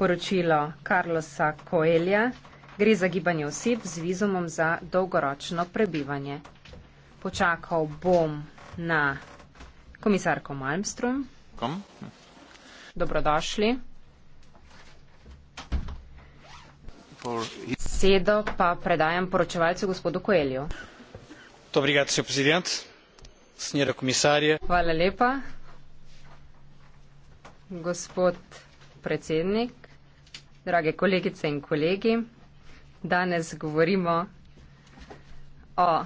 poročilo Carlosa Coelja, gre za gibanje oseb z vizumom za dolgoročno prebivanje. Počakal bom na komisarko Malmström. Kom? Dobrodošli. Sedo pa predajam poročevalcu gospodu Koelju. Hvala lepa, gospod predsednik. Drage kolegice in kolegi, danes govorimo o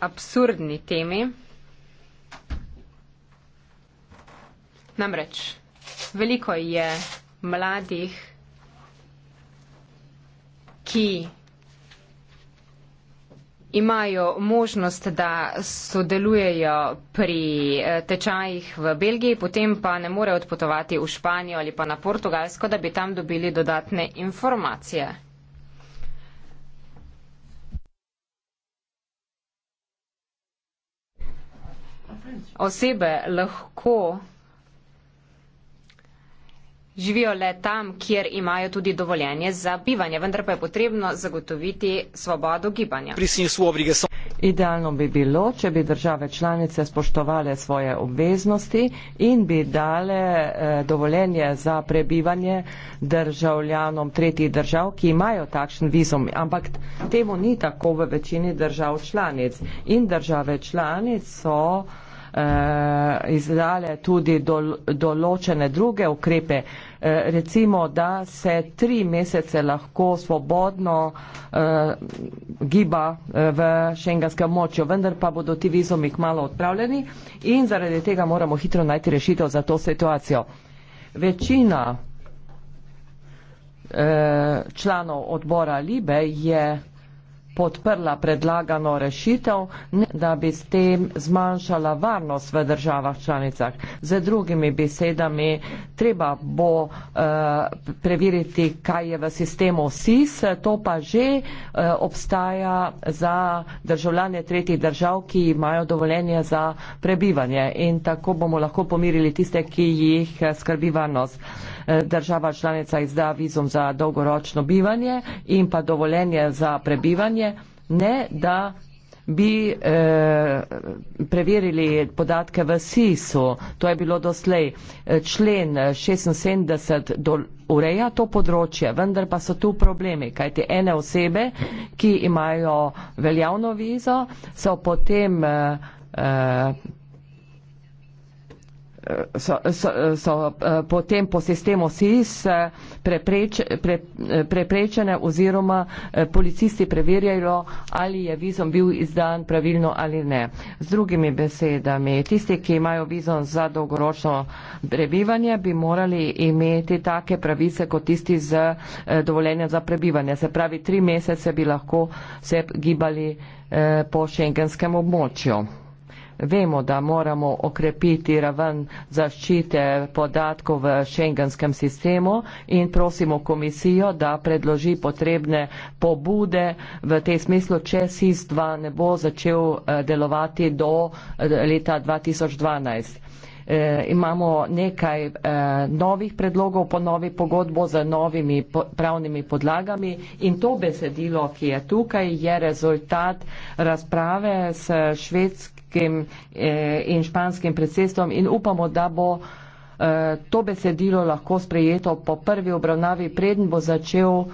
absurdni temi. Namreč, veliko je mladih, ki imajo možnost, da sodelujejo pri eh, tečajih v Belgiji, potem pa ne morejo odpotovati v Španijo ali pa na Portugalsko, da bi tam dobili dodatne informacije. Osebe lahko živijo le tam, kjer imajo tudi dovoljenje za bivanje, vendar pa je potrebno zagotoviti svobodo gibanja. Idealno bi bilo, če bi države članice spoštovale svoje obveznosti in bi dale eh, dovoljenje za prebivanje državljanom tretjih držav, ki imajo takšen vizum. Ampak temu ni tako v večini držav članic. In države članic so. Eh, izdale tudi dol, določene druge ukrepe. Eh, recimo, da se tri mesece lahko svobodno eh, giba eh, v šengenskem močju, vendar pa bodo ti vizumi kmalo odpravljeni in zaradi tega moramo hitro najti rešitev za to situacijo. Večina eh, članov odbora Libe je podprla predlagano rešitev, da bi s tem zmanjšala varnost v državah članicah. Z drugimi besedami treba bo uh, preveriti, kaj je v sistemu SIS, to pa že uh, obstaja za državljane tretjih držav, ki imajo dovoljenje za prebivanje in tako bomo lahko pomirili tiste, ki jih eh, skrbi varnost država članica izda vizum za dolgoročno bivanje in pa dovoljenje za prebivanje, ne da bi eh, preverili podatke v SIS-u. To je bilo doslej člen 76 ureja to področje, vendar pa so tu problemi, kajte ene osebe, ki imajo veljavno vizo, so potem eh, eh, so, so, so eh, potem po sistemu SIS eh, preprič, pre, eh, preprečene oziroma policisti preverjajo, ali je vizum bil izdan pravilno ali ne. Z drugimi besedami, tisti, ki imajo vizum za dolgoročno prebivanje, bi morali imeti take pravice kot tisti z dovoljenjem za prebivanje. Se pravi, tri mesece bi lahko se gibali po šengenskem območju. Vemo, da moramo okrepiti raven zaščite podatkov v šengenskem sistemu in prosimo komisijo, da predloži potrebne pobude v tej smislu, če SIS-2 ne bo začel eh, delovati do eh, leta 2012. E, eh, imamo nekaj e, novih predlogov po novi pogodbo z novimi po, pravnimi podlagami in to besedilo, ki je tukaj, je rezultat razprave s švedsk, italijanskim eh, in španskim predsedstvom in upamo, da bo eh, to besedilo lahko sprejeto po prvi obravnavi, preden bo začel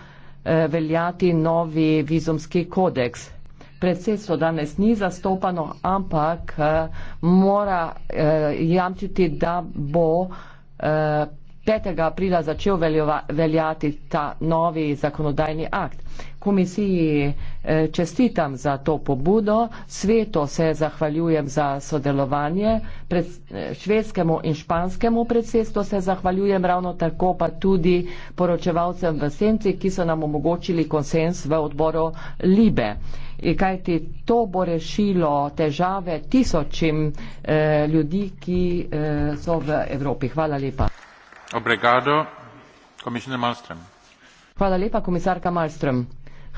eh, veljati novi vizumski kodeks. Predsedstvo danes ni zastopano, ampak mora jamčiti, da bo 5. aprila začel veljati ta novi zakonodajni akt komisiji eh, čestitam za to pobudo, sveto se zahvaljujem za sodelovanje, pred eh, švedskemu in španskemu predsedstvu se zahvaljujem, ravno tako pa tudi poročevalcem v Senci, ki so nam omogočili konsens v odboru Libe. E, kajti to bo rešilo težave tisočim eh, ljudi, ki eh, so v Evropi. Hvala lepa. Obregado, komisar Malström. Hvala lepa, komisarka Malström.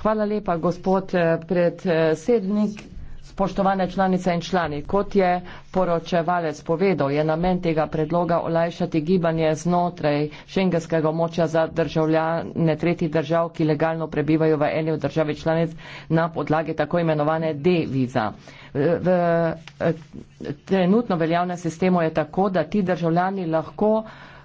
Hvala lepa, gospod eh, predsednik. Spoštovane članice in člani, kot je poročevalec povedal, je namen tega predloga olajšati gibanje znotraj šengenskega območja za državljane tretjih držav, ki legalno prebivajo v eni od državi članic na podlagi tako imenovane D-viza. V eh, trenutno veljavnem sistemu je tako, da ti državljani lahko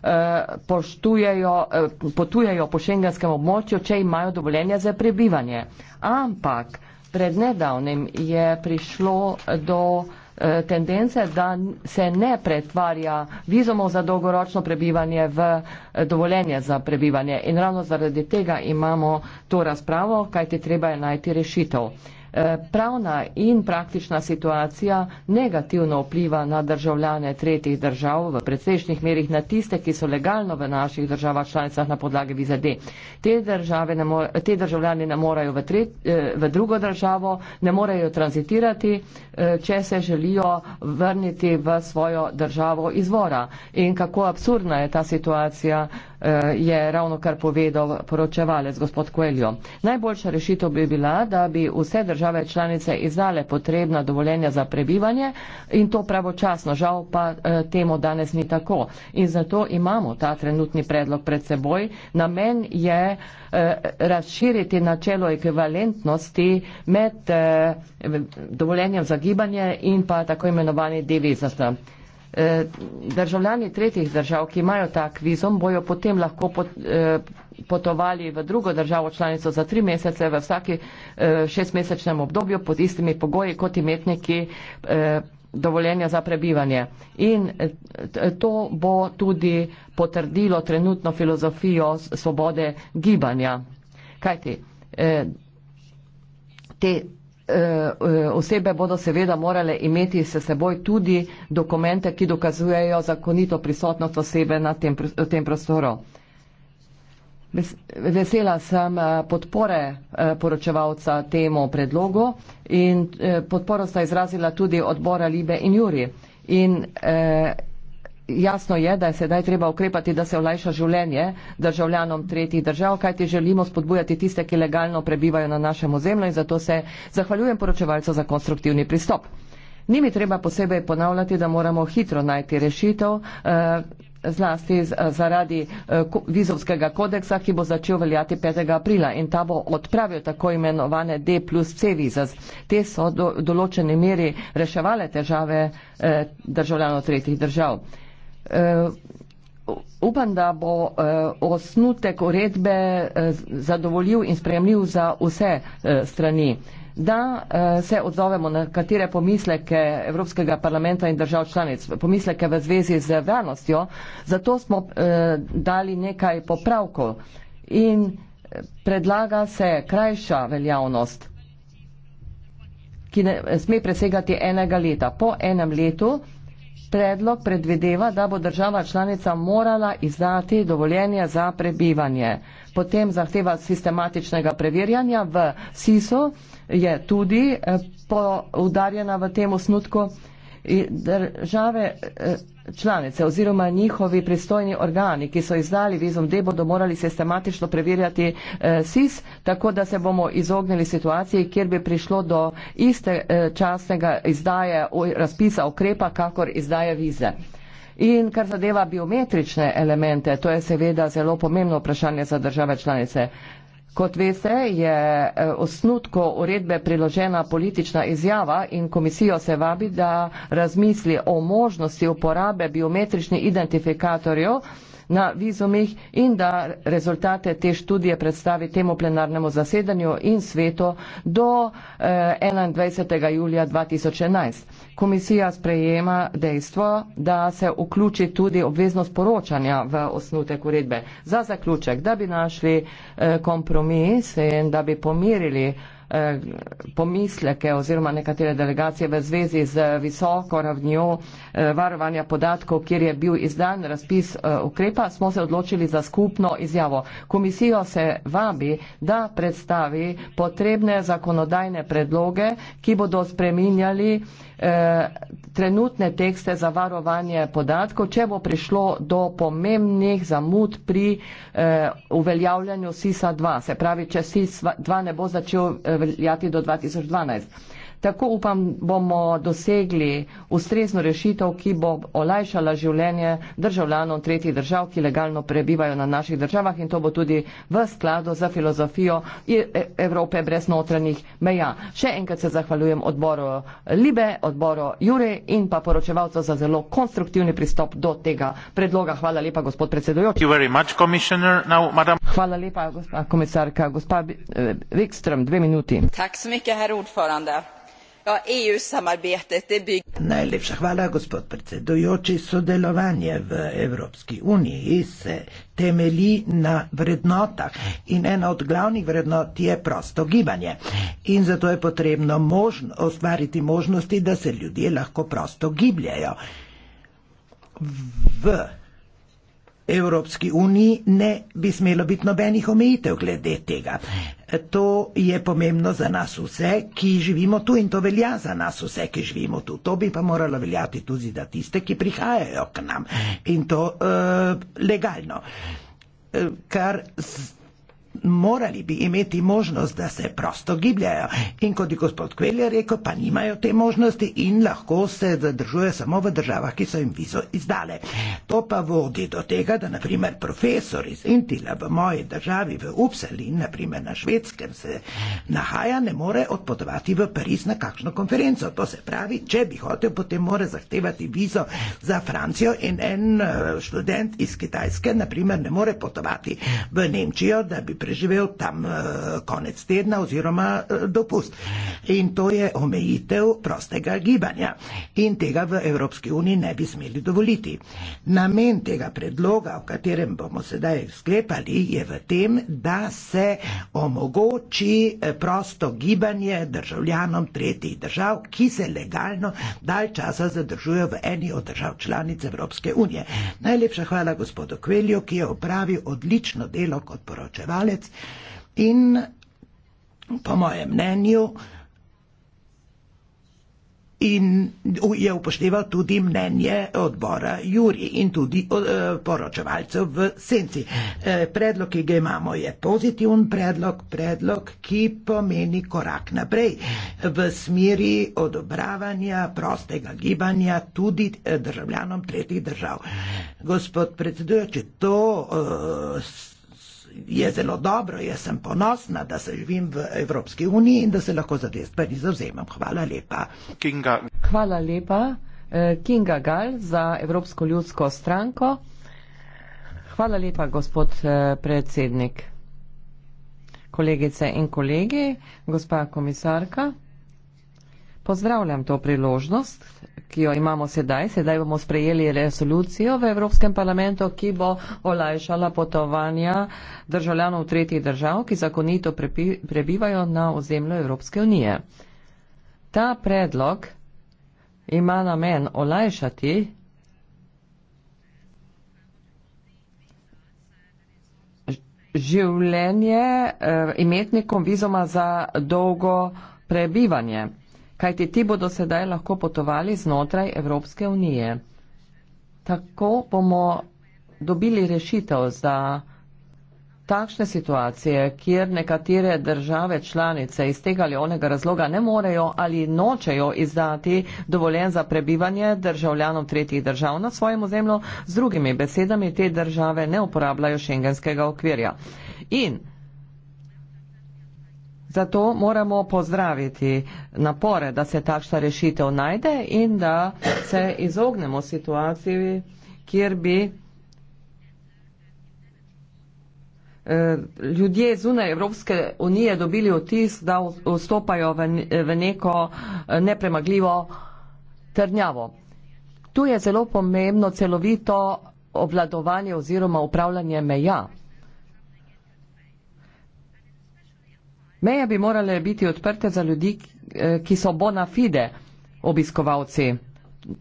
Eh, poštujejo, eh, potujejo po šengenskem območju, če imajo dovoljenje za prebivanje. Ampak pred nedavnim je prišlo do eh, tendence, da se ne pretvarja vizumov za dolgoročno prebivanje v dovoljenje za prebivanje. In ravno zaradi tega imamo to razpravo, kajti treba je najti rešitev pravna in praktična situacija negativno vpliva na državljane tretjih držav, v precejšnjih merih na tiste, ki so legalno v naših državah članicah na podlagi vizade. Te, te državljane ne morajo v, tret, eh, v drugo državo, ne morejo tranzitirati, Eh, če se želijo vrniti v svojo državo izvora. In kako absurdna je ta situacija, eh, je ravno kar povedal poročevalec gospod Koeljo. Najboljša rešitev bi bila, da bi vse države članice izdale potrebna dovoljenja za prebivanje in to pravočasno. Žal pa eh, temu danes ni tako. In zato imamo ta trenutni predlog pred seboj. Namen je Eh, razširiti načelo ekvivalentnosti med eh, dovoljenjem za gibanje in pa tako imenovani devizata. Eh, državljani tretjih držav, ki imajo tak vizum, bojo potem lahko potovali v drugo državo članico za tri mesece v vsaki šestmesečnem obdobju pod istimi pogoji kot imetniki dovoljenja za prebivanje. In eh, to bo tudi potrdilo trenutno filozofijo svobode gibanja. Kajti, eh, te eh, osebe bodo seveda morale imeti se seboj tudi dokumente, ki dokazujejo zakonito prisotnost osebe na tem, tem prostoru. Vesela sem eh, podpore eh, poročevalca temu predlogu in eh, podporo sta izrazila tudi odbora Libe in Juri. In jasno je, da je sedaj treba ukrepati, da se olajša življenje državljanom tretjih držav, kajti želimo spodbujati tiste, ki legalno prebivajo na našem ozemlju in zato se zahvaljujem poročevalcu za konstruktivni pristop. Nimi treba posebej ponavljati, da moramo hitro najti rešitev zlasti eh, zaradi eh, vizovskega kodeksa, ki bo začel veljati 5. aprila in ta bo odpravil tako imenovane D plus C vizas. Te so do določene meri reševale težave eh, državljanov tretjih držav. Upam, da bo osnutek uredbe zadovoljiv in spremljiv za vse strani da uh, se odzovemo na katere pomisleke Evropskega parlamenta in držav članic, pomisleke v zvezi z varnostjo, zato smo uh, dali nekaj popravkov in eh, predlaga se krajša veljavnost, ki ne sme presegati enega leta. Po enem letu predlog predvideva, da bo država članica morala izdati dovoljenje za prebivanje. Potem zahteva sistematičnega preverjanja v SISO, je tudi eh, poudarjena v tem osnutku države eh, članice oziroma njihovi pristojni organi, ki so izdali vizum D, bodo morali sistematično preverjati eh, SIS, tako da se bomo izognili situaciji, kjer bi prišlo do iste eh, časnega izdaje razpisa ukrepa, kakor izdaje vize. In kar zadeva biometrične elemente, to je seveda zelo pomembno vprašanje za države članice. Kot veste, je osnutko eh, uredbe priložena politična izjava in komisijo se vabi, da razmisli o možnosti uporabe biometričnih identifikatorjev na vizumih in da rezultate te študije predstavi temu plenarnemu zasedanju in svetu do eh, 21. julija 2011. Komisija sprejema dejstvo, da se vključi tudi obveznost poročanja v osnutek uredbe. Za zaključek, da bi našli eh, kompromis in da bi pomirili eh, Eh, pomisleke oziroma nekatere delegacije v zvezi z visoko ravnjo eh, varovanja podatkov, kjer je bil izdan razpis eh, ukrepa, smo se odločili za skupno izjavo. Komisijo se vabi, da predstavi potrebne zakonodajne predloge, ki bodo spreminjali Eh, trenutne tekste za varovanje podatkov, če bo prišlo do pomembnih zamud pri eh, uveljavljanju SISA 2, se pravi, če SISA 2 ne bo začel eh, veljati do 2012. Tako upam, bomo dosegli ustrezno rešitev, ki bo olajšala življenje državljanov tretjih držav, ki legalno prebivajo na naših državah in to bo tudi v skladu za filozofijo e-, e-, Evrope brez notranjih meja. Še enkrat se zahvaljujem odboru Libe, odboru Jure in pa poročevalcu za zelo konstruktivni pristop do tega predloga. Hvala lepa, gospod predsedujoči. Much, Now, Hvala lepa, gospa komisarka. Gospa eh, Wikström, dve minuti. Tak, smike, EU-samarbetet det bygger... Najlepša hvala, gospod predsedujoči. Sodelovanje v Evropski uniji se temelji na vrednotah in ena od glavnih vrednot je prosto gibanje. In zato je potrebno možn, ustvariti možnosti, da se ljudje lahko prosto gibljajo. V Evropski uniji ne bi smelo biti nobenih omejitev glede tega. To je pomembno za nas vse, ki živimo tu in to velja za nas vse, ki živimo tu. To bi pa moralo veljati tudi za tiste, ki prihajajo k nam in to uh, legalno. Uh, morali bi imeti možnost, da se prosto gibljajo. In kot je gospod Kvelja rekel, pa nimajo te možnosti in lahko se zadržuje samo v državah, ki so jim vizo izdale. To pa vodi do tega, da naprimer profesor iz Intila v moji državi, v Upsali, naprimer na švedskem se nahaja, ne more odpotovati v Pariz na kakšno konferenco. To se pravi, če bi hotel, potem mora zahtevati vizo za Francijo in en eh, študent iz Kitajske, naprimer, ne more potovati v Nemčijo, da bi preživel tam eh, konec tedna oziroma eh, dopust. In to je omejitev prostega gibanja. In tega v Evropski uniji ne bi smeli dovoliti. Namen tega predloga, o katerem bomo sedaj sklepali, je v tem, da se omogoči eh, prosto gibanje državljanom tretjih držav, ki se legalno dalj časa zadržujejo v eni od držav članic Evropske unije. Najlepša hvala gospodu Kvelju, ki je opravil odlično delo kot poročevalec mesec. In po mojem mnenju in je upošteval tudi mnenje odbora Juri in tudi e, poročevalcev v senci. E, predlog, ki ga imamo, je pozitiven predlog, predlog, ki pomeni korak naprej v smeri odobravanja prostega gibanja tudi e, državljanom tretjih držav. Gospod predsedujoči, to uh, je zelo dobro, jaz sem ponosna, da se živim v Evropski uniji in da se lahko za te stvari zauzemam. Hvala lepa. Kinga. Hvala lepa, eh, Kinga Gal za Evropsko ljudsko stranko. Hvala lepa, gospod eh, predsednik. Kolegice in kolegi, gospa komisarka, pozdravljam to priložnost ki jo imamo sedaj. Sedaj bomo sprejeli resolucijo v Evropskem parlamentu, ki bo olajšala potovanja državljanov tretjih držav, ki zakonito prebivajo na ozemlju Evropske unije. Ta predlog ima namen olajšati življenje eh, imetnikom vizoma za dolgo prebivanje kajti ti bodo sedaj lahko potovali znotraj Evropske unije. Tako bomo dobili rešitev za takšne situacije, kjer nekatere države članice iz tega ali onega razloga ne morejo ali nočejo izdati dovoljen za prebivanje državljanov tretjih držav na svojem ozemlju, z drugimi besedami te države ne uporabljajo šengenskega okvirja. In Zato moramo pozdraviti napore, da se takšna rešitev najde in da se izognemo situaciji, kjer bi eh, ljudje zunaj Evropske unije dobili otis, da vstopajo v neko eh, nepremagljivo trnjavo. Tu je zelo pomembno celovito obladovanje oziroma upravljanje meja. Meje bi morale biti odprte za ljudi, eh, ki so bona fide obiskovalci.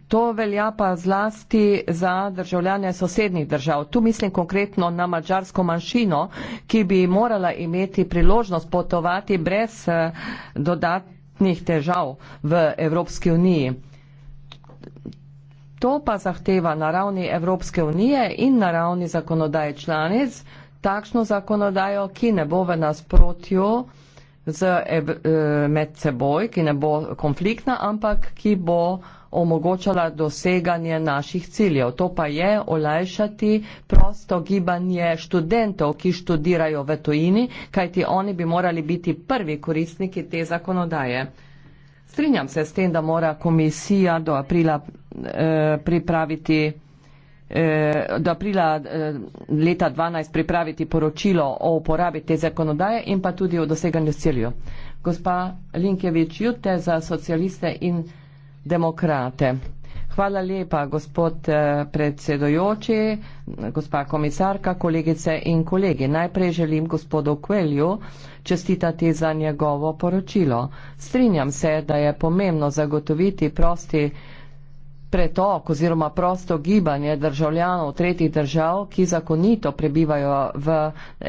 To velja pa zlasti za državljane sosednjih držav. Tu mislim konkretno na mačarsko manjšino, ki bi morala imeti priložnost potovati brez eh, dodatnih težav v Evropski uniji. To pa zahteva na ravni Evropske unije in na ravni zakonodaje članic takšno zakonodajo, ki ne bo v nasprotju z, eh, med seboj, ki ne bo konfliktna, ampak ki bo omogočala doseganje naših ciljev. To pa je olajšati prosto gibanje študentov, ki študirajo v tujini, kajti oni bi morali biti prvi koristniki te zakonodaje. Strinjam se s tem, da mora komisija do aprila eh, pripraviti Eh, do aprila eh, leta 2012 pripraviti poročilo o uporabi te zakonodaje in pa tudi o doseganju ciljev. Gospa Linkevič, jute za socialiste in demokrate. Hvala lepa, gospod eh, predsedojoči, gospa komisarka, kolegice in kolegi. Najprej želim gospodu Kvelju čestitati za njegovo poročilo. Strinjam se, da je pomembno zagotoviti prosti pretok oziroma prosto gibanje državljanov tretjih držav, ki zakonito prebivajo v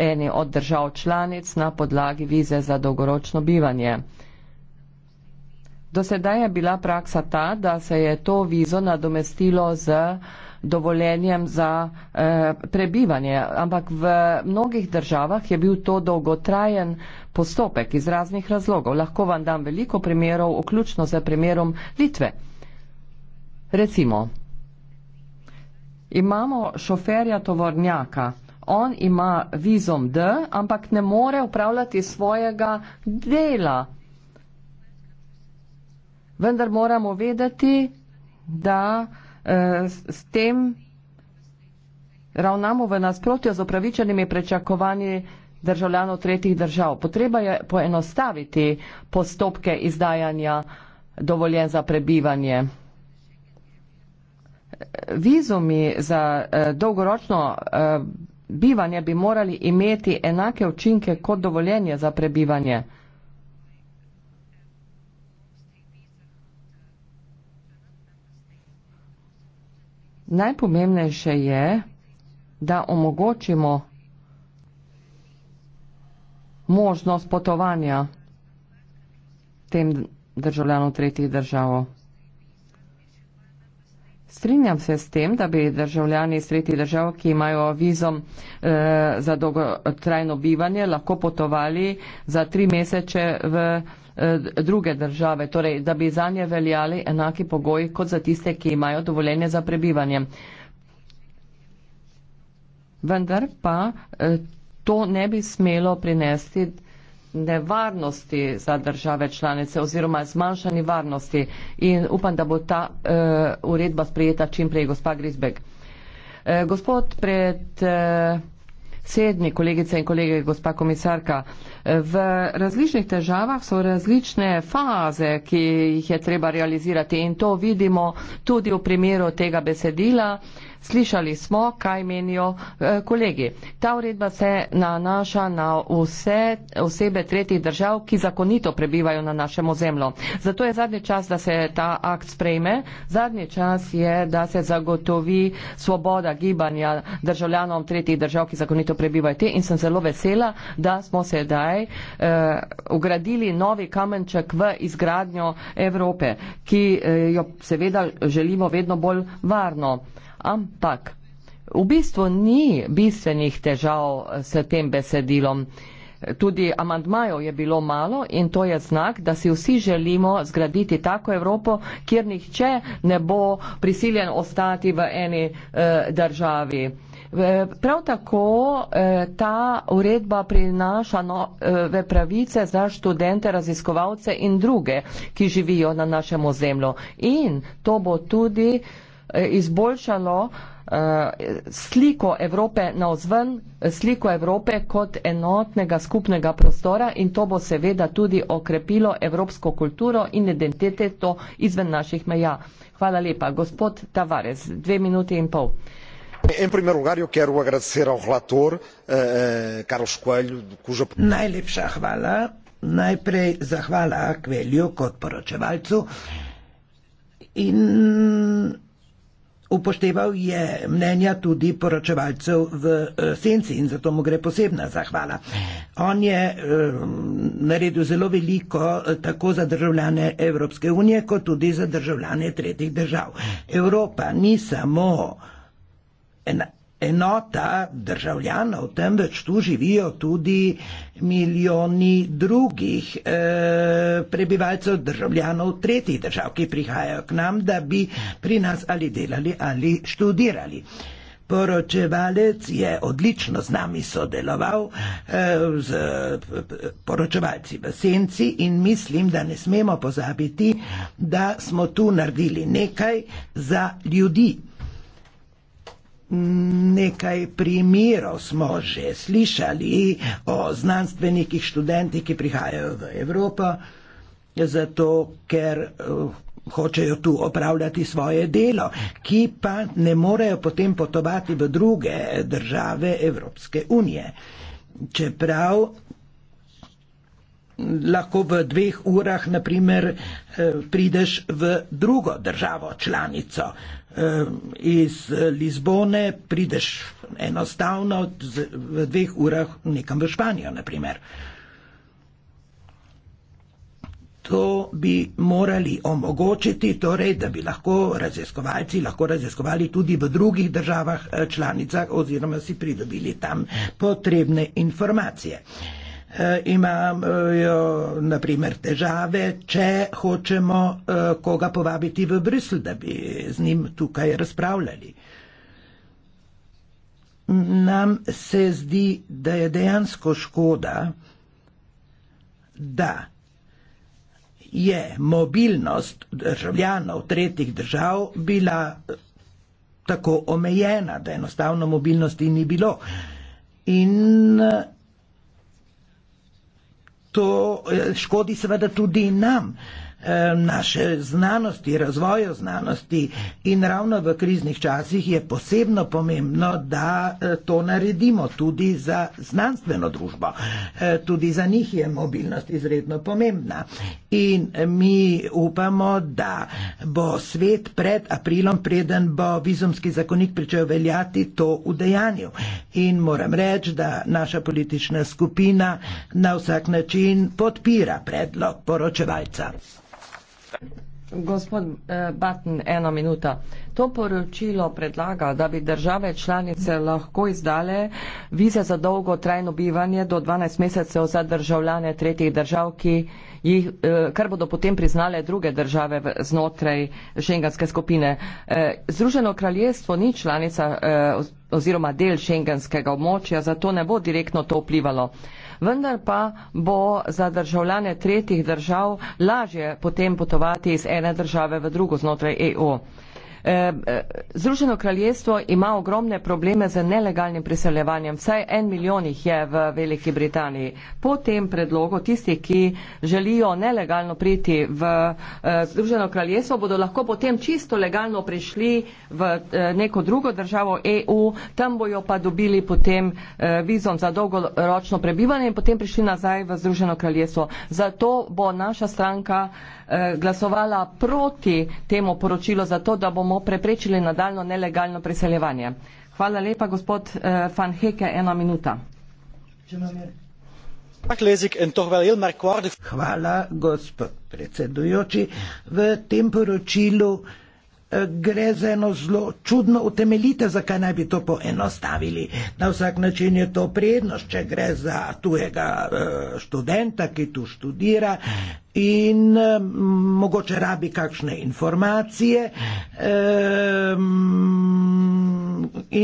eni od držav članic na podlagi vize za dolgoročno bivanje. Do sedaj je bila praksa ta, da se je to vizo nadomestilo z dovoljenjem za e, prebivanje, ampak v mnogih državah je bil to dolgotrajen postopek iz raznih razlogov. Lahko vam dam veliko primerov, vključno z primerom Litve. Recimo, imamo šoferja tovornjaka. On ima vizom D, ampak ne more upravljati svojega dela. Vendar moramo vedeti, da eh, s tem ravnamo v nasprotju z opravičenimi prečakovanji državljanov tretjih držav. Potreba je poenostaviti postopke izdajanja dovoljen za prebivanje vizumi za eh, dolgoročno eh, bivanje bi morali imeti enake učinke kot dovoljenje za prebivanje. Najpomembnejše je, da omogočimo možnost potovanja tem državljanom tretjih držav. Strinjam se s tem, da bi državljani iz tretjih držav, ki imajo vizom e, eh, za dolgotrajno bivanje, lahko potovali za tri mesece v eh, druge države, torej da bi za nje veljali enaki pogoji kot za tiste, ki imajo dovoljenje za prebivanje. Vendar pa eh, to ne bi smelo prinesti nevarnosti za države članice oziroma zmanjšanje varnosti in upam, da bo ta e, uredba sprijeta čimprej, gospa Grisbeg. E, eh, gospod pred e, sedmi, kolegice in kolege, gospa komisarka, eh, v različnih težavah so različne faze, ki jih je treba realizirati in to vidimo tudi v primeru tega besedila. Slišali smo, kaj menijo eh, kolegi. Ta uredba se nanaša na vse osebe tretjih držav, ki zakonito prebivajo na našem ozemlju. Zato je zadnji čas, da se ta akt sprejme. Zadnji čas je, da se zagotovi svoboda gibanja državljanom tretjih držav, ki zakonito prebivajo te. In sem zelo vesela, da smo sedaj eh, ugradili novi kamenček v izgradnjo Evrope, ki eh, jo seveda želimo vedno bolj varno ampak v bistvu ni bistvenih težav s tem besedilom. Tudi amandmajev je bilo malo in to je znak, da si vsi želimo zgraditi tako Evropo, kjer nihče ne bo prisiljen ostati v eni eh, državi. Prav tako eh, ta uredba prinaša nove eh, pravice za študente, raziskovalce in druge, ki živijo na našem ozemlju. In to bo tudi izboljšalo eh, sliko Evrope na ozven, sliko Evrope kot enotnega skupnega prostora in to bo seveda tudi okrepilo evropsko kulturo in identiteto izven naših meja. Hvala lepa. Gospod Tavares, dve minuti in pol. Em primer lugar, eu quero agradecer ao relator, eh, eh, Carlos Coelho, cuja... Najlepša hvala. Najprej zahvala Coelho kot poročevalcu in Upošteval je mnenja tudi poročevalcev v eh, senci in zato mu gre posebna zahvala. On je eh, naredil zelo veliko eh, tako za državljane Evropske unije, kot tudi za državljane tretjih držav. Evropa ni samo ena, enota državljanov, temveč tu živijo tudi milijoni drugih e, prebivalcev, državljanov tretjih držav, ki prihajajo k nam, da bi pri nas ali delali ali študirali. Poročevalec je odlično z nami sodeloval, eh, z poročevalci v senci in mislim, da ne smemo pozabiti, da smo tu naredili nekaj za ljudi. Nekaj primerov smo že slišali o znanstvenikih, študentih, ki prihajajo v Evropo, zato ker eh, hočejo tu opravljati svoje delo, ki pa ne morejo potem potovati v druge države Evropske unije. Čeprav lahko v dveh urah, naprimer, eh, prideš v drugo državo članico. Eh, iz eh, Lizbone prideš enostavno v dveh urah nekam v Španijo, naprimer. To bi morali omogočiti, torej, da bi lahko raziskovalci lahko raziskovali tudi v drugih državah eh, članicah oziroma si pridobili tam potrebne informacije. Uh, E, imajo naprimer težave, če hočemo e, koga povabiti v Bruselj, da bi z njim tukaj razpravljali. Nam se zdi, da je dejansko škoda, da je mobilnost državljanov tretjih držav bila e, tako omejena, da enostavno mobilnosti ni bilo. In to eh, škodi seveda tudi nam naše znanosti, razvoju znanosti in ravno v kriznih časih je posebno pomembno, da e, to naredimo tudi za znanstveno družbo. E, tudi za njih je mobilnost izredno pomembna. In e, mi upamo, da bo svet pred aprilom, preden bo vizumski zakonik pričel veljati, to v dejanju. In moram reči, da naša politična skupina na vsak način podpira predlog poročevalca. Gospod eh, Batten, ena minuta. To poročilo predlaga, da bi države članice lahko izdale vize za dolgo trajno bivanje do 12 mesecev za državljane tretjih držav, ki jih, eh, kar bodo potem priznale druge države znotraj šengenske skupine. Eh, Združeno kraljestvo ni članica oziroma del šengenskega območja, zato ne bo direktno to vplivalo vendar pa bo za državljane tretjih držav lažje potem potovati iz ene države v drugo znotraj EU. Eh, eh, Združeno kraljestvo ima ogromne probleme z nelegalnim priseljevanjem. Vsaj en milijon jih je v Veliki Britaniji. Po tem predlogu tisti, ki želijo nelegalno priti v eh, Združeno kraljestvo, bodo lahko potem čisto legalno prišli v neko drugo državo EU, tam bojo pa dobili potem vizom za dolgoročno prebivanje in potem prišli nazaj v Združeno kraljestvo. Zato bo naša stranka glasovala proti temu poročilu, zato da bomo bomo preprečili nadaljno nelegalno priseljevanje. Hvala lepa, gospod uh, Van Heke, ena minuta. Hvala, gospod predsedujoči. V tem poročilu uh, gre za eno zelo čudno utemeljitev, zakaj naj bi to poenostavili. Na vsak način je to prednost, če gre za tujega eh, študenta, ki tu študira in eh, mogoče rabi kakšne informacije. Eh,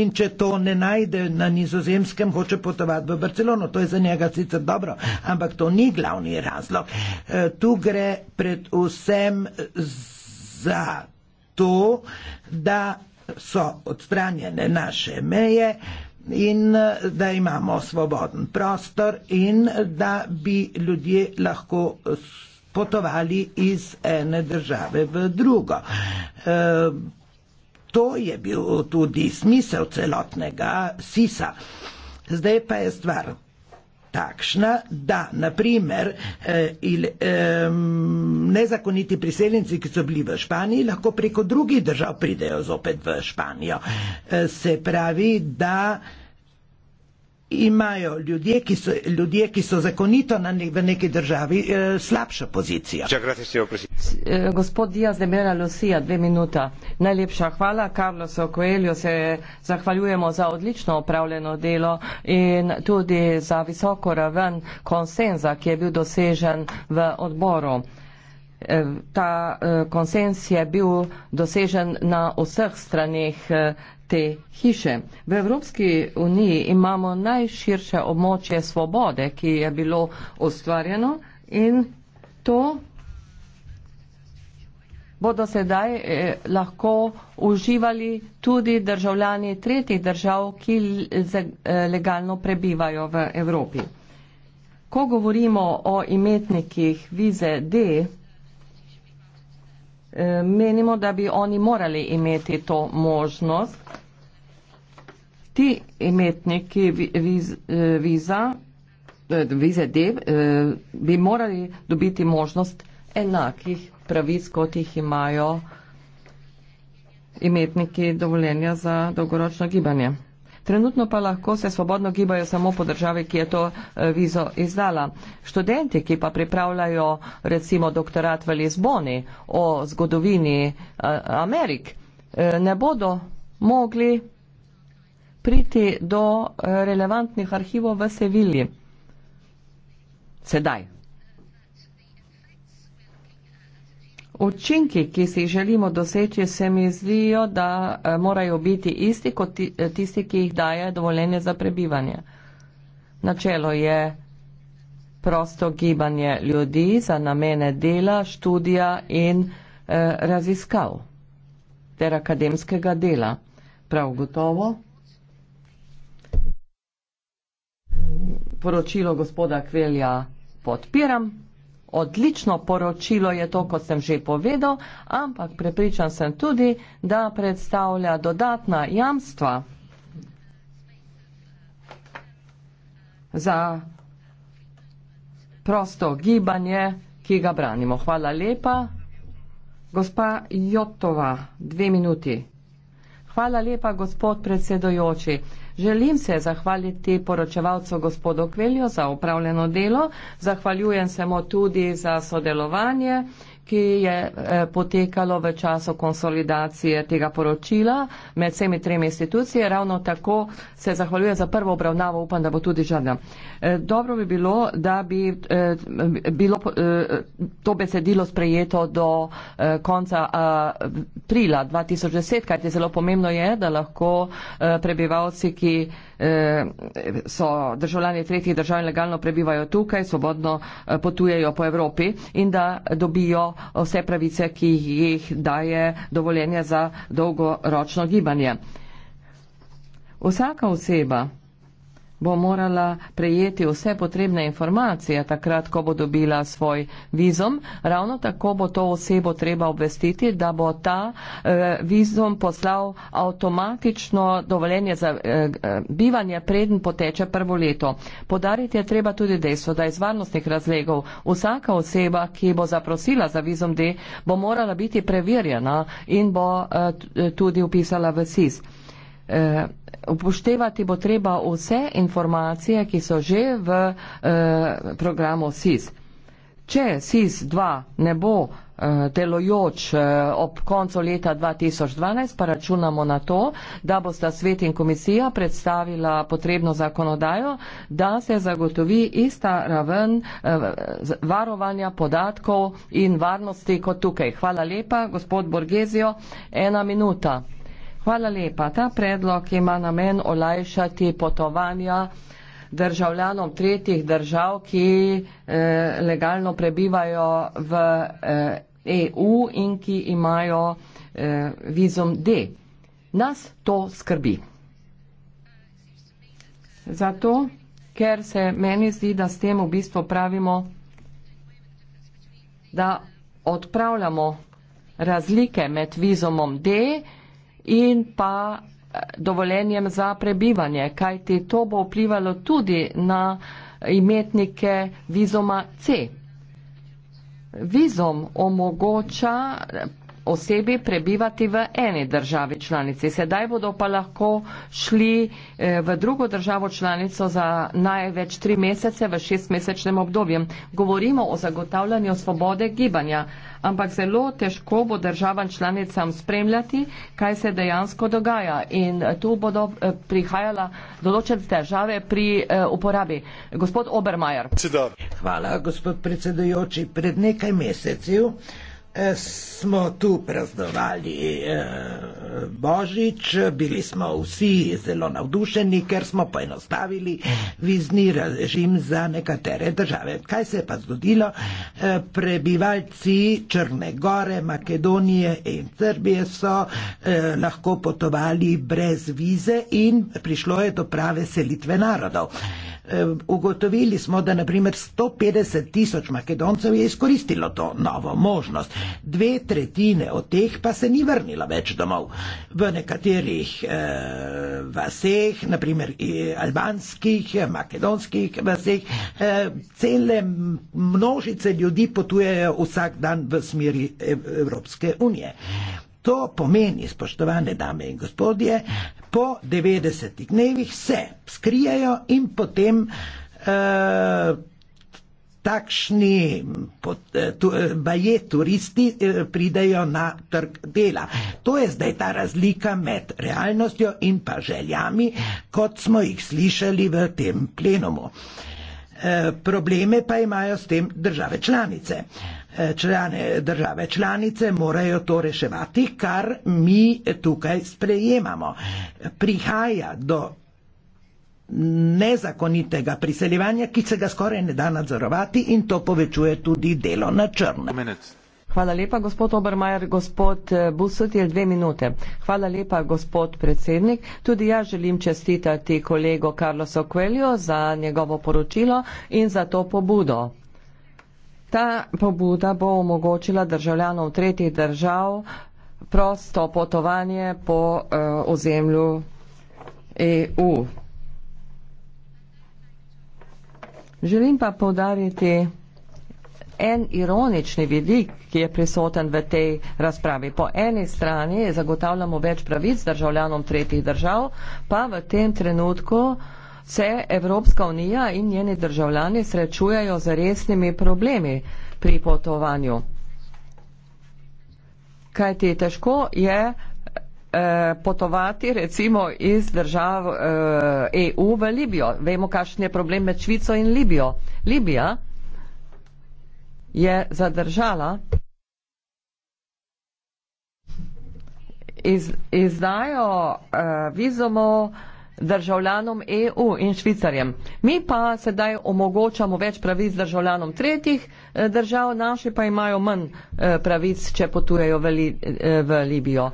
in če to ne najde na nizozemskem, hoče potovati v Barcelono. To je za njega sicer dobro, ampak to ni glavni razlog. Tu gre predvsem za to, da so odstranjene naše meje in da imamo svoboden prostor in da bi ljudje lahko potovali iz ene države v drugo. E, to je bil tudi smisel celotnega SISA. Zdaj pa je stvar takšna, da naprimer eh, il, eh, nezakoniti priseljenci, ki so bili v Španiji, lahko preko drugih držav pridejo zopet v Španijo. Eh, se pravi, da eh, imajo ljudje, ki so, ljudje, ki so zakonito na ne, v neki državi, eh, slabšo pozicijo. Eh, gospod Diaz de Mera Lucija, dve minuta. Najlepša hvala. Carlos Okoeljo se zahvaljujemo za odlično opravljeno delo in tudi za visoko raven konsenza, ki je bil dosežen v odboru. Eh, ta eh, konsens je bil dosežen na vseh straneh eh, te hiše. V Evropski uniji imamo najširše območje svobode, ki je bilo ustvarjeno in to bodo sedaj lahko uživali tudi državljani tretjih držav, ki legalno prebivajo v Evropi. Ko govorimo o imetnikih vize D, Eh, menimo, da bi oni morali imeti to možnost. Ti imetniki viz, eh, viza, eh, vize D bi morali dobiti možnost enakih pravic, kot jih imajo imetniki dovoljenja za dolgoročno gibanje. Trenutno pa lahko se svobodno gibajo samo po državi, ki je to eh, vizo izdala. Študenti, ki pa pripravljajo recimo doktorat v Lizboni o zgodovini eh, Amerik, eh, ne bodo mogli priti do relevantnih arhivov v Sevilji. Sedaj. Učinki, ki si jih želimo doseči, se mi zdijo, da eh, morajo biti isti kot eh, tisti, ki jih daje dovoljenje za prebivanje. Načelo je prosto gibanje ljudi za namene dela, študija in eh, raziskav ter akademskega dela. Prav gotovo. Poročilo gospoda Kvelja podpiram odlično poročilo je to, kot sem že povedal, ampak prepričan sem tudi, da predstavlja dodatna jamstva za prosto gibanje, ki ga branimo. Hvala lepa. Gospa Jotova, dve minuti. Hvala lepa, gospod predsedojoči. Želim se zahvaliti poročevalcu gospodu Kvelju za upravljeno delo, zahvaljujem se mu tudi za sodelovanje ki je eh, potekalo v času konsolidacije tega poročila med vsemi tremi institucije. Ravno tako se zahvaljuje za prvo obravnavo, upam, da bo tudi žadna. Eh, dobro bi bilo, da bi eh, bilo to besedilo sprejeto do konca aprila 2010, kajti zelo pomembno je, da lahko prebivalci, ki so državljani tretjih držav in legalno prebivajo tukaj, svobodno potujejo po Evropi in da dobijo vse pravice, ki jih daje dovoljenje za dolgoročno gibanje. Vsaka oseba, bo morala prejeti vse potrebne informacije takrat, ko bo dobila svoj vizum. Ravno tako bo to osebo treba obvestiti, da bo ta eh, vizum poslal avtomatično dovoljenje za eh, eh bivanje preden poteče prvo leto. Podariti je treba tudi dejstvo, da iz varnostnih razlegov vsaka oseba, ki bo zaprosila za vizum D, bo morala biti preverjena in bo eh, tudi upisala v SIS. Eh, upoštevati bo treba vse informacije, ki so že v eh, programu SIS. Če SIS-2 ne bo eh, delojoč ob koncu leta 2012, pa računamo na to, da bosta svet in komisija predstavila potrebno zakonodajo, da se zagotovi ista raven varovanja podatkov in varnosti kot tukaj. Hvala lepa, gospod Borgezio. Ena minuta. Hvala lepa. Ta predlog ima namen olajšati potovanja državljanom tretjih držav, ki eh, legalno prebivajo v EU eh, e in ki imajo eh, vizum D. Nas to skrbi. Zato, ker se meni zdi, da s tem v bistvu pravimo, da odpravljamo razlike med vizumom D in vizumom D in pa eh, dovoljenjem za prebivanje, kajti to bo vplivalo tudi na imetnike vizoma C. Vizom omogoča osebi prebivati v eni državi članici. Sedaj bodo pa lahko šli eh, v drugo državo članico za največ tri mesece v šestmesečnem obdobju. Govorimo o zagotavljanju svobode gibanja, ampak zelo težko bo državam članicam spremljati, kaj se dejansko dogaja in tu bodo eh, prihajala določene težave pri eh, uporabi. Gospod Obermajer. Hvala, gospod predsedujoči. Pred nekaj mesecev E, smo tu praznovali e, Božič, bili smo vsi zelo navdušeni, ker smo poenostavili vizni režim za nekatere države. Kaj se je pa zgodilo? E, prebivalci Črne Gore, Makedonije in Srbije so lahko potovali brez vize in prišlo je do prave selitve narodov. Ugotovili smo, da naprimer 150 tisoč Makedoncev je izkoristilo to novo možnost dve tretjine od teh pa se ni vrnila več domov. V nekaterih eh, vaseh, naprimer eh, albanskih, makedonskih vaseh, eh, cele množice ljudi potujejo vsak dan v smeri Evropske unije. To pomeni, spoštovane dame in gospodje, po 90 dnevih se skrijajo in potem eh, takšni eh, eh, baje turisti eh, pridejo na trg dela. To je zdaj ta razlika med realnostjo in pa željami, kot smo jih slišali v tem plenumu. Probleme pa imajo s tem države članice. Člane države članice morajo to reševati, kar mi tukaj sprejemamo. Prihaja do nezakonitega priseljevanja, ki se ga skoraj ne da nadzorovati in to povečuje tudi delo na črno. Hvala lepa, gospod Obermajer. Gospod eh, Busutil, dve minute. Hvala lepa, gospod predsednik. Tudi ja želim čestitati kolego Carlosu Kveljo za njegovo poročilo in za to pobudo. Ta pobuda bo omogočila državljanov tretjih držav prosto potovanje po uh, ozemlju EU. Želim pa povdariti en ironični vidik, ki je prisoten v tej razpravi. Po eni strani zagotavljamo več pravic državljanom tretjih držav, pa v tem trenutku se Evropska unija in njeni državljani srečujejo z resnimi problemi pri potovanju. Kajti težko je Eh, potovati recimo iz držav EU eh, e v Libijo. Vemo, kakšen je problem med Švico in Libijo. Libija je zadržala iz, izdajo eh, vizumov državljanom EU in Švicarjem. Mi pa sedaj omogočamo več pravic državljanom tretjih držav, naši pa imajo manj pravic, če potujejo v, Li, v Libijo.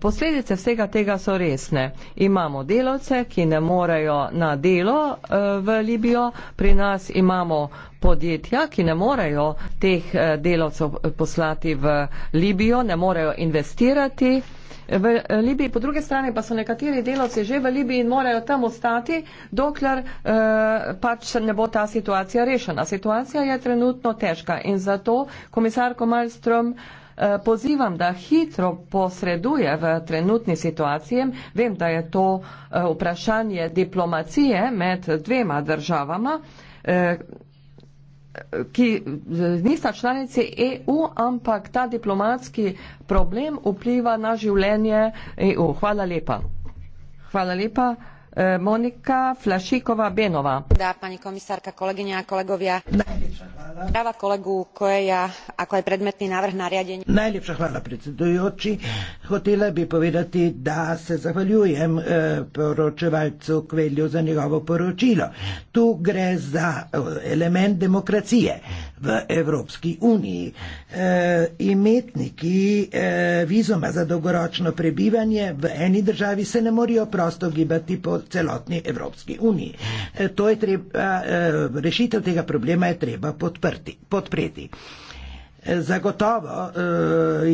Posledice vsega tega so resne. Imamo delavce, ki ne morejo na delo eh, v Libijo, pri nas imamo podjetja, ki ne morejo teh eh, delavcev eh, poslati v Libijo, ne morejo investirati. V Libiji, po druge strani pa so nekateri delavci že v Libiji in morajo tam ostati, dokler eh, pač ne bo ta situacija rešena. Situacija je trenutno težka in zato komisarko Malmström eh, Eh, pozivam, da hitro posreduje v trenutni situaciji. Vem, da je to eh, vprašanje diplomacije med dvema državama, eh, ki nista članici EU, ampak ta diplomatski problem vpliva na življenje EU. Hvala lepa. Hvala lepa. E, monika flašíková benová pani komisárka kolegyne a kolegovia správa kolegu coelha ako aj predmetný návrh nariadenia. najlepša hvala predsedujúci hotela bi povedati da se zahvaljujem e, poročevalcu coelhu za njegovo poročilo. tu gre za e, element demokracije v Evropski uniji. E, imetniki e, vizuma za dolgoročno prebivanje v eni državi se ne morajo prosto gibati po celotni Evropski uniji. E, treba, e, rešitev tega problema je treba podprti, podpreti. Zagotovo eh,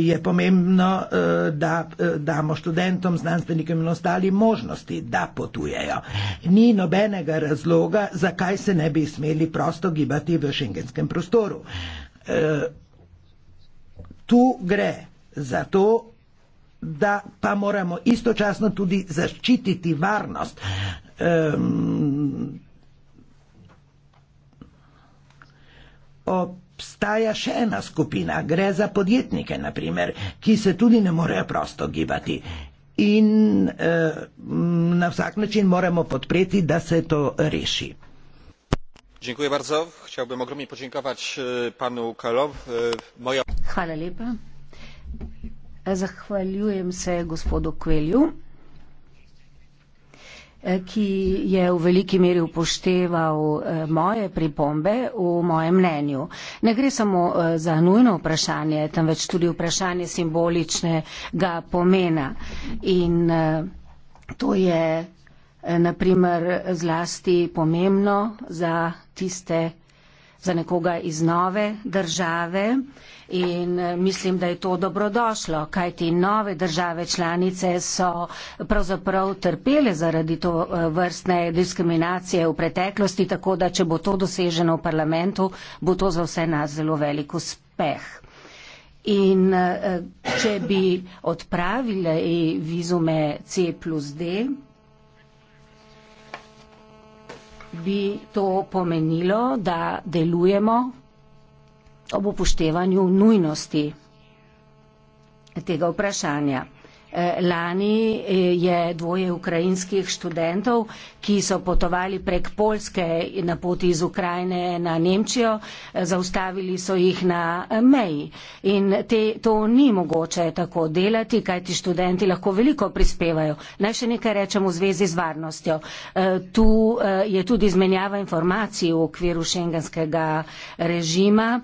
je pomembno, eh, da eh, damo študentom, znanstvenikom in ostalim možnosti, da potujejo. Ni nobenega razloga, zakaj se ne bi smeli prosto gibati v šengenskem prostoru. Tu gre za to, da pa moramo istočasno tudi zaščititi varnost. Ob Obstaja še ena skupina, gre za podjetnike, naprimer, ki se tudi ne morejo prosto gibati. In eh, na vsak način moramo podpreti, da se to reši. Dziękuję bardzo. Chciałbym ogromnie podziękować e, panu Kalow. E, moja... Hvala lepa. Zahvaljujem se gospodu Kvelju. Eh, ki je v veliki meri upošteval eh, moje pripombe v mojem mnenju. Ne gre samo eh, za nujno vprašanje, temveč tudi vprašanje simboličnega pomena. In to je naprimer zlasti pomembno za tiste, ki za nekoga iz nove države in eh, mislim, da je to dobrodošlo, kaj ti nove države članice so pravzaprav trpele zaradi to eh, vrstne diskriminacije v preteklosti, tako da če bo to doseženo v parlamentu, bo to za vse nas zelo velik uspeh. In eh, če bi odpravili vizume C plus D, bi to pomenilo, da delujemo ob upoštevanju nujnosti tega vprašanja. Lani eh, je dvoje ukrajinskih študentov, ki so potovali prek Polske na poti iz Ukrajine na Nemčijo, eh, zaustavili so jih na eh, meji. In te, to ni mogoče tako delati, kaj ti študenti lahko veliko prispevajo. Naj še nekaj rečem v zvezi z varnostjo. Tu je tudi izmenjava informacij v okviru šengenskega režima.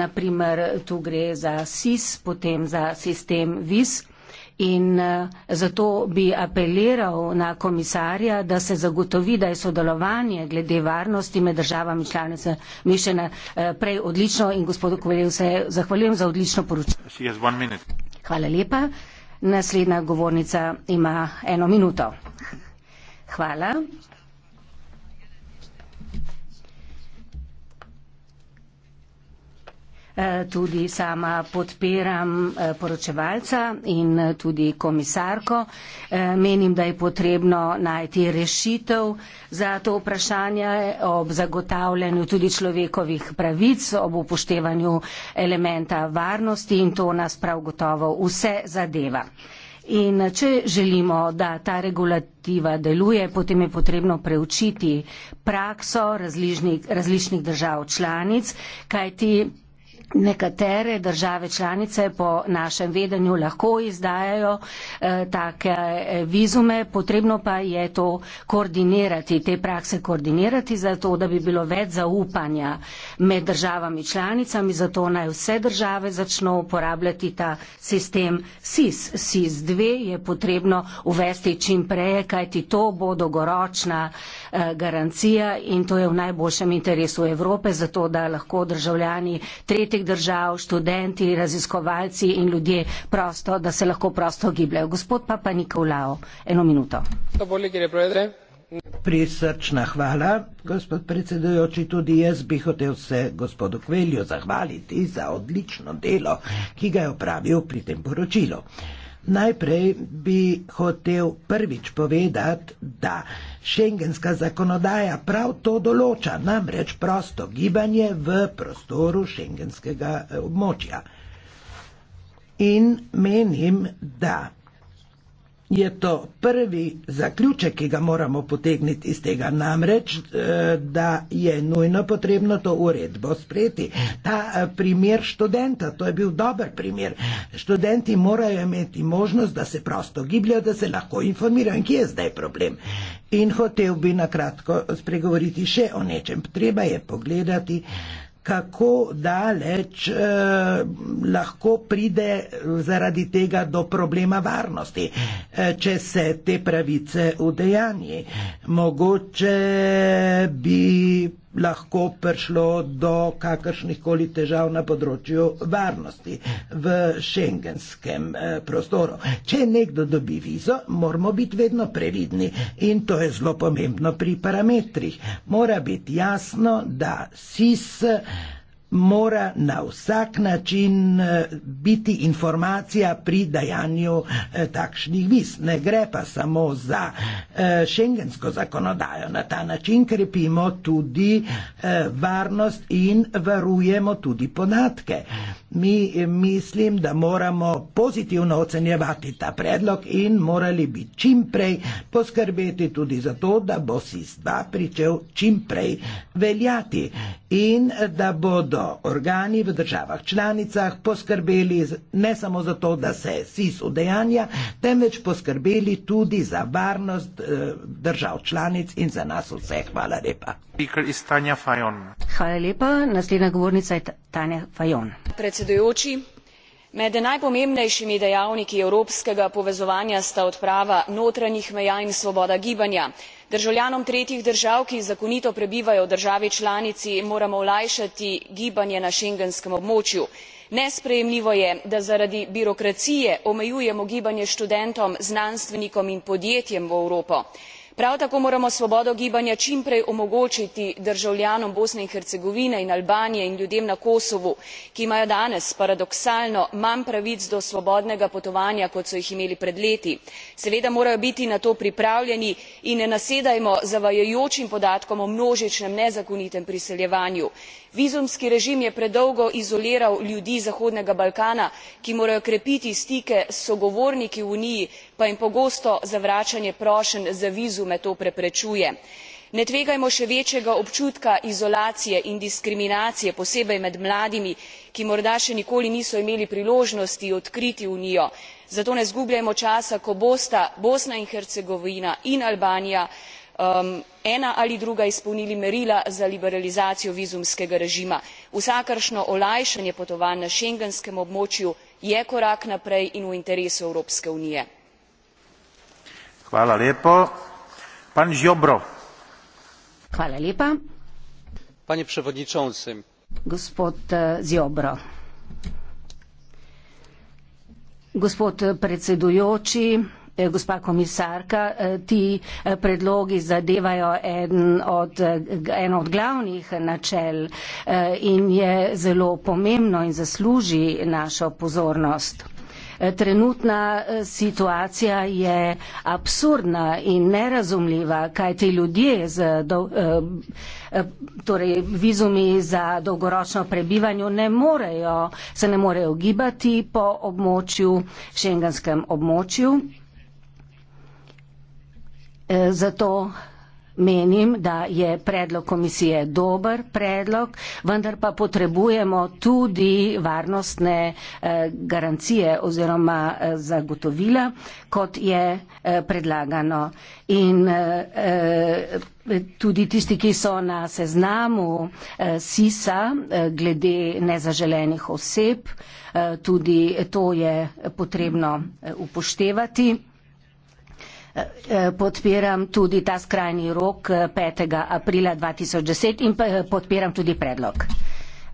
Naprimer, tu gre za SIS, potem za sistem VIS. In eh, zato bi apeliral na komisarja, da se zagotovi, da je sodelovanje glede varnosti med državami članicami še naprej eh, odlično in gospodu Kovelju se zahvaljujem za odlično poročilo. Hvala lepa. Naslednja govornica ima eno minuto. Hvala. Eh, tudi sama podpiram eh, poročevalca in eh, tudi komisarko. Menim, da je potrebno najti rešitev za to vprašanje ob zagotavljanju tudi človekovih pravic, ob upoštevanju elementa varnosti in to nas prav gotovo vse zadeva. In če želimo, da ta regulativa deluje, potem je potrebno preučiti prakso različnih, različnih držav članic, kajti Nekatere države članice po našem vedenju lahko izdajajo eh, take eh, vizume, potrebno pa je to koordinirati, te prakse koordinirati, zato da bi bilo več zaupanja med državami članicami, zato naj vse države začno uporabljati ta sistem SIS. SIS-2 je potrebno uvesti čim prej, kajti to bo dolgoročna eh, garancija in to je v najboljšem interesu Evrope, zato da lahko državljani tretjega vseh držav, študenti, raziskovalci in ljudje prosto, da se lahko prosto gibljajo. Gospod Papa Nikolao, eno minuto. Prisrčna hvala, gospod predsedujoči, tudi jaz bi hotel se gospodu Kvelju zahvaliti za odlično delo, ki ga je opravil pri tem poročilu. Najprej bi hotel prvič povedati, da šengenska zakonodaja prav to določa, namreč prosto gibanje v prostoru šengenskega eh, območja. In menim, da je to prvi zaključek, ki ga moramo potegniti iz tega. Namreč, eh, da je nujno potrebno to uredbo sprejeti. Ta eh, primer študenta, to je bil dober primer. Študenti morajo imeti možnost, da se prosto gibljajo, da se lahko informirajo in kje je zdaj problem. In hotel bi na kratko spregovoriti še o nečem. Treba je pogledati, kako daleč eh, lahko pride eh, zaradi tega do problema varnosti, eh, če se te pravice udejanji. Mogoče bi lahko prišlo do kakršnih koli težav na področju varnosti v šengenskem eh, prostoru. Če nekdo dobi vizo, moramo biti vedno previdni in to je zelo pomembno pri parametrih. Mora biti jasno, da SIS mora na vsak način eh, biti informacija pri dajanju eh, takšnih viz. Ne gre pa samo za eh, šengensko zakonodajo. Na ta način krepimo tudi varnost in varujemo tudi podatke. Mi mislim, da moramo pozitivno ocenjevati ta predlog in morali bi čim prej poskrbeti tudi za to, da bo SIS-2 pričel čim prej veljati in da bodo organi v državah članicah poskrbeli ne samo za to, da se SIS udejanja, temveč poskrbeli tudi za varnost eh, držav članic in za nas vse. Hvala lepa. Hvala lepa. Naslednja govornica je Tanja Fajon. Predsedujoči, med najpomembnejšimi dejavniki evropskega povezovanja sta odprava notranjih meja in svoboda gibanja državljanom tretjih držav ki zakonito prebivajo v državi članici moramo olajšati gibanje na schengenskem območju. nesprejemljivo je da zaradi birokracije omejujemo gibanje študentom znanstvenikom in podjetjem v evropo prav tako moramo svobodo gibanja čim prej omogočiti državljanom bosne in hercegovine in albanije in ljudem na kosovu ki imajo danes paradoksalno manj pravic do svobodnega potovanja kot so jih imeli pred leti. seveda morajo biti na to pripravljeni in ne nasedajmo zavajajočim podatkom o množičnem nezakonitem priseljevanju vizumski režim je predolgo izoliral ljudi zahodnega balkana ki morajo krepiti stike s sogovorniki v uniji pa jim pogosto zavračanje prošenj za vizume to preprečuje. ne tvegajmo še večjega občutka izolacije in diskriminacije posebej med mladimi ki morda še nikoli niso imeli priložnosti odkriti unijo zato ne izgubljajmo časa ko bosta bosna in hercegovina in albanija Um, ena ali druga izpolnili merila za liberalizacijo vizumskega režima. vsakršno olajšanje potovanj na schengenskem območju je korak naprej in v interesu evropske unije. Eh, gospa komisarka, eh, ti eh, predlogi zadevajo en od, en od glavnih načel in je zelo pomembno in zasluži našo pozornost. Trenutna situacija je absurdna in nerazumljiva, kaj ti ljudje z do, torej vizumi za dolgoročno prebivanje ne morejo, se ne morejo gibati po območju, šengenskem območju. E, zato menim, da je predlog komisije dober predlog, vendar pa potrebujemo tudi varnostne e, garancije oziroma e, zagotovila, kot je predlagano. In tudi tisti, ki so na seznamu SISA glede nezaželenih oseb, tudi to je potrebno upoštevati. Eh, eh, podpiram tudi ta skrajni rok 5. Eh, aprila 2010 in podpiram tudi predlog.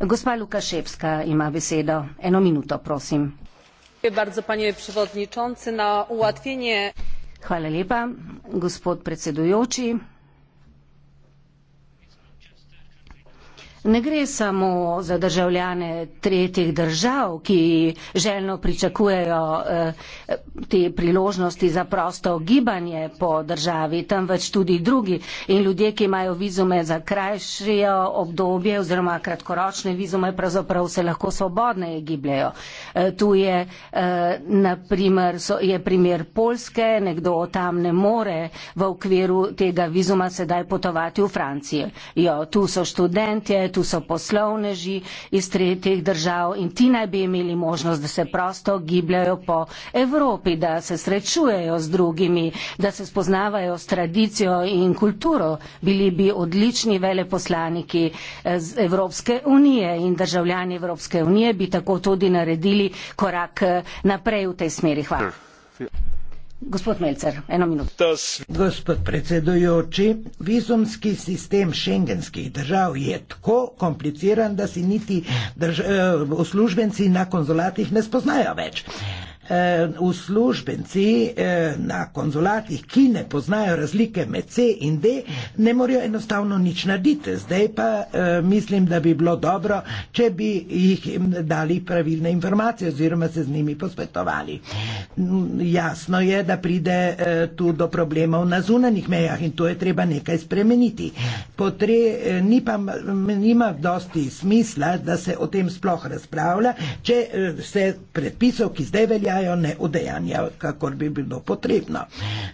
Gospa Lukaševska ima besedo. Eno minuto, prosim. Bardzo, na ułatwienie... Hvala lepa, gospod predsedujoči. Ne gre samo za državljane tretjih držav, ki željno pričakujejo eh, te priložnosti za prosto gibanje po državi, temveč tudi drugi in ljudje, ki imajo vizume za krajšijo obdobje oziroma kratkoročne vizume, pravzaprav se lahko svobodne gibljajo. Eh, tu je, eh, naprimer, so, je primer Polske, nekdo tam ne more v okviru tega vizuma sedaj potovati v Francijo. Jo, tu so študentje, tu tu so poslovneži iz tretjih držav in ti naj bi imeli možnost, da se prosto gibljajo po Evropi, da se srečujejo z drugimi, da se spoznavajo s tradicijo in kulturo. Bili bi odlični veleposlaniki eh, z Evropske unije in državljani Evropske unije bi tako tudi naredili korak eh, naprej v tej smeri. Hvala. Sure. Yeah. Gospod Melcer, eno minuto. Gospod predsedujoči, vizumski sistem šengenskih držav je tako kompliciran, da si niti eh, uslužbenci na konzulatih ne spoznajo več eh, uslužbenci eh, na konzulatih, ki ne poznajo razlike med C in D, ne morejo enostavno nič narediti. Zdaj pa eh, mislim, da bi bilo dobro, če bi jih mm, dali pravilne informacije oziroma se z njimi posvetovali. Mm, jasno je, da pride eh, tu do problemov na zunanih mejah in tu je treba nekaj spremeniti. Potre, eh, ni pa, mm, nima dosti smisla, da se o tem sploh razpravlja, če eh, se predpisov, ki zdaj veljajo, dajo, ne udejanja, kakor bi bilo potrebno.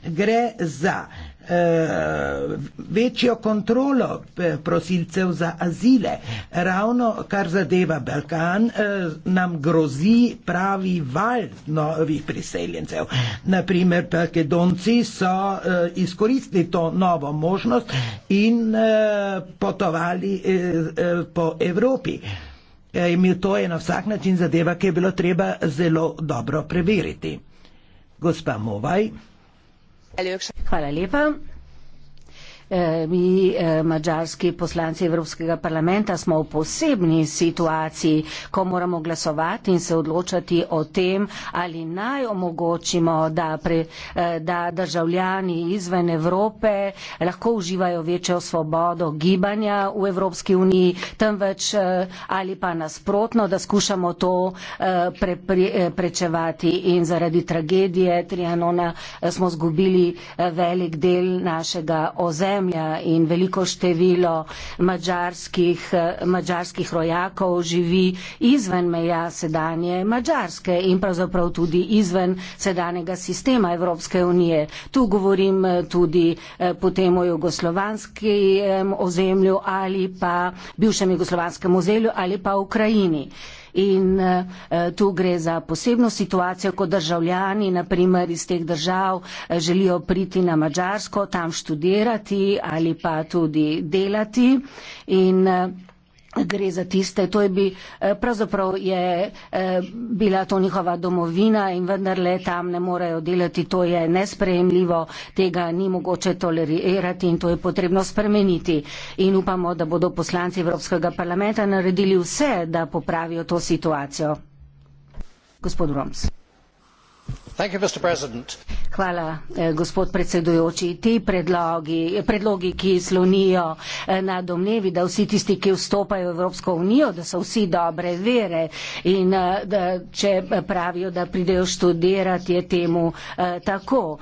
Gre za eh, večjo kontrolo eh, prosilcev za azile. Ravno kar zadeva Balkan, eh, nam grozi pravi val novih priseljencev. Naprimer, Pakedonci so izkoristili to novo možnost in potovali po Evropi. E, imel to je na vsak način zadeva, ki je bilo treba zelo dobro preveriti. Gospa Movaj. Hvala lepa. Eh, mi, eh, mađarski poslanci Evropskega parlamenta, smo v posebni situaciji, ko moramo glasovati in se odločati o tem, ali naj omogočimo, da, pre, eh, da državljani izven Evrope lahko uživajo večjo svobodo gibanja v Evropski uniji, temveč ali pa nasprotno, da skušamo to pre, pre, prečevati. In zaradi tragedije Trianona smo zgubili velik del našega ozemlja ozemlja in veliko število mađarskih, mađarskih rojakov živi izven meja sedanje Mađarske in pravzaprav tudi izven sedanega sistema Evropske unije. Tu govorim eh, tudi eh, potem o jugoslovanskem ozemlju ali pa bivšem jugoslovanskem ozemlju ali pa Ukrajini in eh, eh, tu gre za posebno situacijo, ko državljani, naprimer iz teh držav, eh, želijo priti na Mačarsko, tam študirati ali pa tudi delati. In, gre za tiste. To je bi, eh, pravzaprav je eh, bila to njihova domovina in vendarle tam ne morejo delati. To je nesprejemljivo, tega ni mogoče tolerirati in to je potrebno spremeniti. In upamo, da bodo poslanci Evropskega parlamenta naredili vse, da popravijo to situacijo. Gospod Roms. Hvala, eh, gospod predsedujoči. Ti predlogi, predlogi, ki slonijo eh, na domnevi, da vsi tisti, ki vstopajo v Evropsko unijo, da so vsi dobre vere in eh, da če pravijo, da pridejo študirati, je temu tako.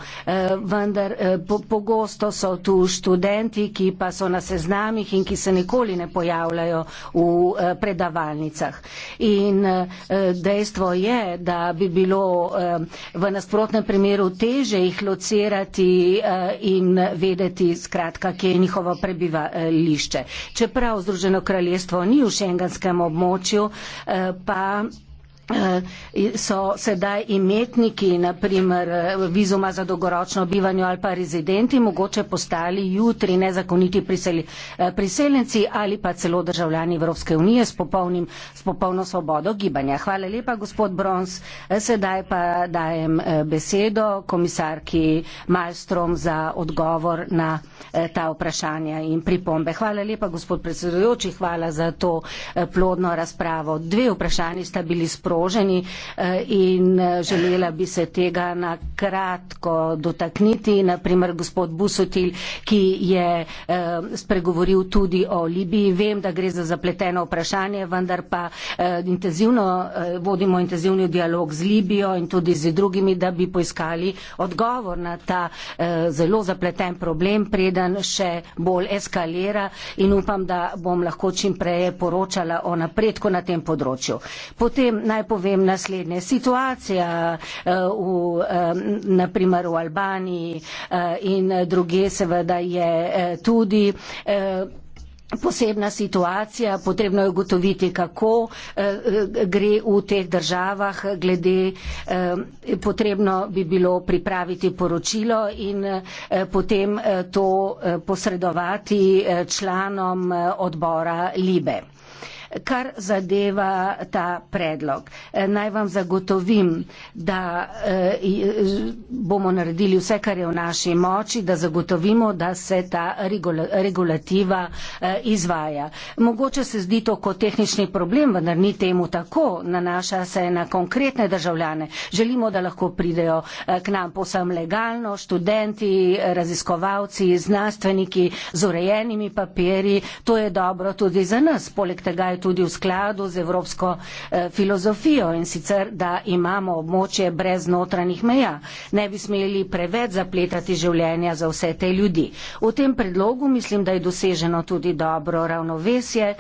Vendar pogosto po so tu študenti, ki pa so na seznamih in ki se nikoli ne pojavljajo v predavalnicah. In dejstvo je, da bi bilo v nasprotnem primeru teže jih locirati eh, in vedeti skratka, kje je njihovo prebivališče. Čeprav Združeno kraljestvo ni v šengenskem območju, eh, pa Eh, so sedaj imetniki, naprimer eh, vizuma za dolgoročno bivanje ali pa rezidenti, mogoče postali jutri nezakoniti eh, priseljenci ali pa celo državljani Evropske unije s, popolnim, s popolno svobodo gibanja. Hvala lepa, gospod Brons. Sedaj pa dajem besedo komisarki Malstrom za odgovor na ta vprašanja in pripombe. Hvala lepa, gospod predsedujoči, hvala za to plodno razpravo. Dve vprašanji sta bili sproženi ogroženi eh, in eh, želela bi se tega na kratko dotakniti. Naprimer, gospod Busotil, ki je eh, spregovoril tudi o Libiji. Vem, da gre za zapleteno vprašanje, vendar pa intenzivno, vodimo intenzivni dialog z Libijo in tudi z drugimi, da bi poiskali odgovor na ta zelo zapleten problem, preden še bolj eskalira in upam, da bom lahko čim prej poročala o napredku na tem področju. Potem naj povem naslednje. Situacija eh, v, eh, naprimer v Albaniji eh, in druge seveda je tudi posebna situacija, potrebno je ugotoviti, kako gre v teh državah glede, potrebno bi bilo pripraviti poročilo in potem to posredovati članom odbora Libe kar zadeva ta predlog. Eh, naj vam zagotovim, da eh, bomo naredili vse, kar je v naši moči, da zagotovimo, da se ta regulativa eh, izvaja. Mogoče se zdi to kot tehnični problem, vendar ni temu tako. Nanaša se na konkretne državljane. Želimo, da lahko pridejo k nam posem legalno, študenti, raziskovalci, znanstveniki z urejenimi papiri. To je dobro tudi za nas. Poleg tega je tudi v skladu z evropsko eh, filozofijo in sicer, da imamo območje brez notranjih meja. Ne bi smeli preveč zapletati življenja za vse te ljudi. V tem predlogu mislim, da je doseženo tudi dobro ravnovesje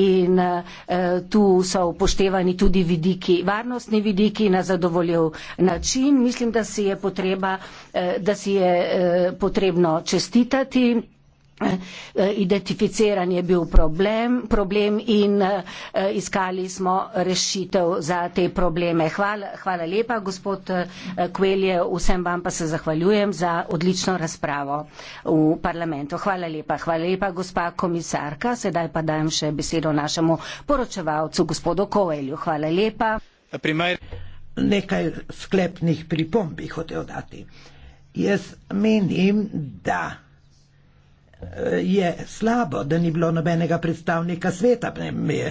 in eh, tu so upoštevani tudi vidiki, varnostni vidiki na zadovoljiv način. Mislim, da si je, potreba, eh, da si je potrebno čestitati. Eh, identificiran je bil problem, problem in eh, iskali smo rešitev za te probleme. Hvala, hvala lepa, gospod eh, Kvelje, vsem vam pa se zahvaljujem za odlično razpravo v parlamentu. Hvala lepa, hvala lepa, gospa komisarka. Sedaj pa dajem še besedo našemu poročevalcu, gospodu Kovelju. Hvala lepa. Primer. Nekaj sklepnih pripomb bi hotel dati. Jaz menim, da Je slabo, da ni bilo nobenega predstavnika sveta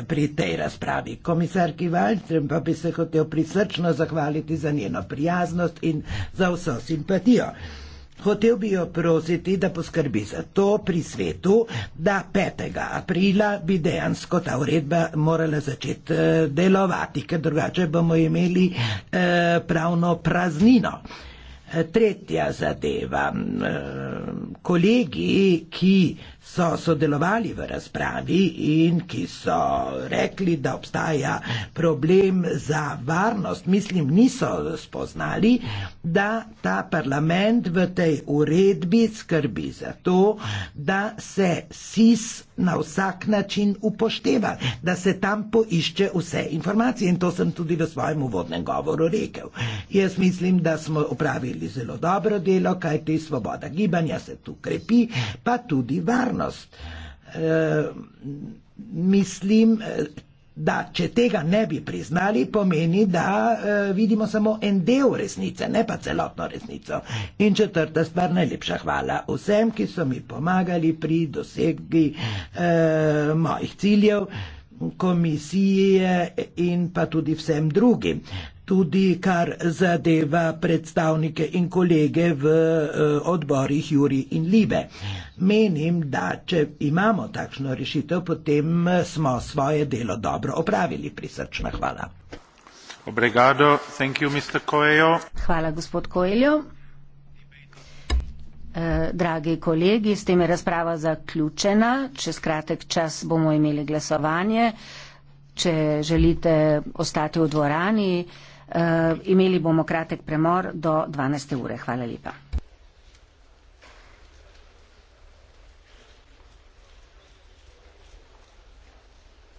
pri tej razpravi. Komisarki Valjcem pa bi se hotel prisrčno zahvaliti za njeno prijaznost in za vso simpatijo. Hotel bi jo prositi, da poskrbi za to pri svetu, da 5. aprila bi dejansko ta uredba morala začeti eh, delovati, ker drugače bomo imeli eh, pravno praznino. Eh, tretja zadeva kolegi, ki so sodelovali v razpravi in ki so rekli, da obstaja problem za varnost, mislim, niso spoznali, da ta parlament v tej uredbi skrbi za to, da se SIS na vsak način upošteva, da se tam poišče vse informacije. In to sem tudi v svojem uvodnem govoru rekel. Jaz mislim, da smo upravili zelo dobro delo, kajti svoboda gibanja se tu krepi, pa tudi varnost pozornost. E, mislim, da če tega ne bi priznali, pomeni, da e, vidimo samo en del resnice, ne pa celotno resnico. In četrta stvar, najlepša hvala vsem, ki so mi pomagali pri dosegi e, mojih ciljev komisije in pa tudi vsem drugim tudi kar zadeva predstavnike in kolege v eh, odborih Juri in Libe. Menim, da če imamo takšno rešitev, potem smo svoje delo dobro opravili. Prisrčna hvala. Obrigado. Thank you, Mr. Coelho. Hvala, gospod Coelho. Eh, dragi kolegi, s tem je razprava zaključena. Čez kratek čas bomo imeli glasovanje. Če želite ostati v dvorani, Eh, imeli bomo kratek premor do 12. ure. Hvala lepa.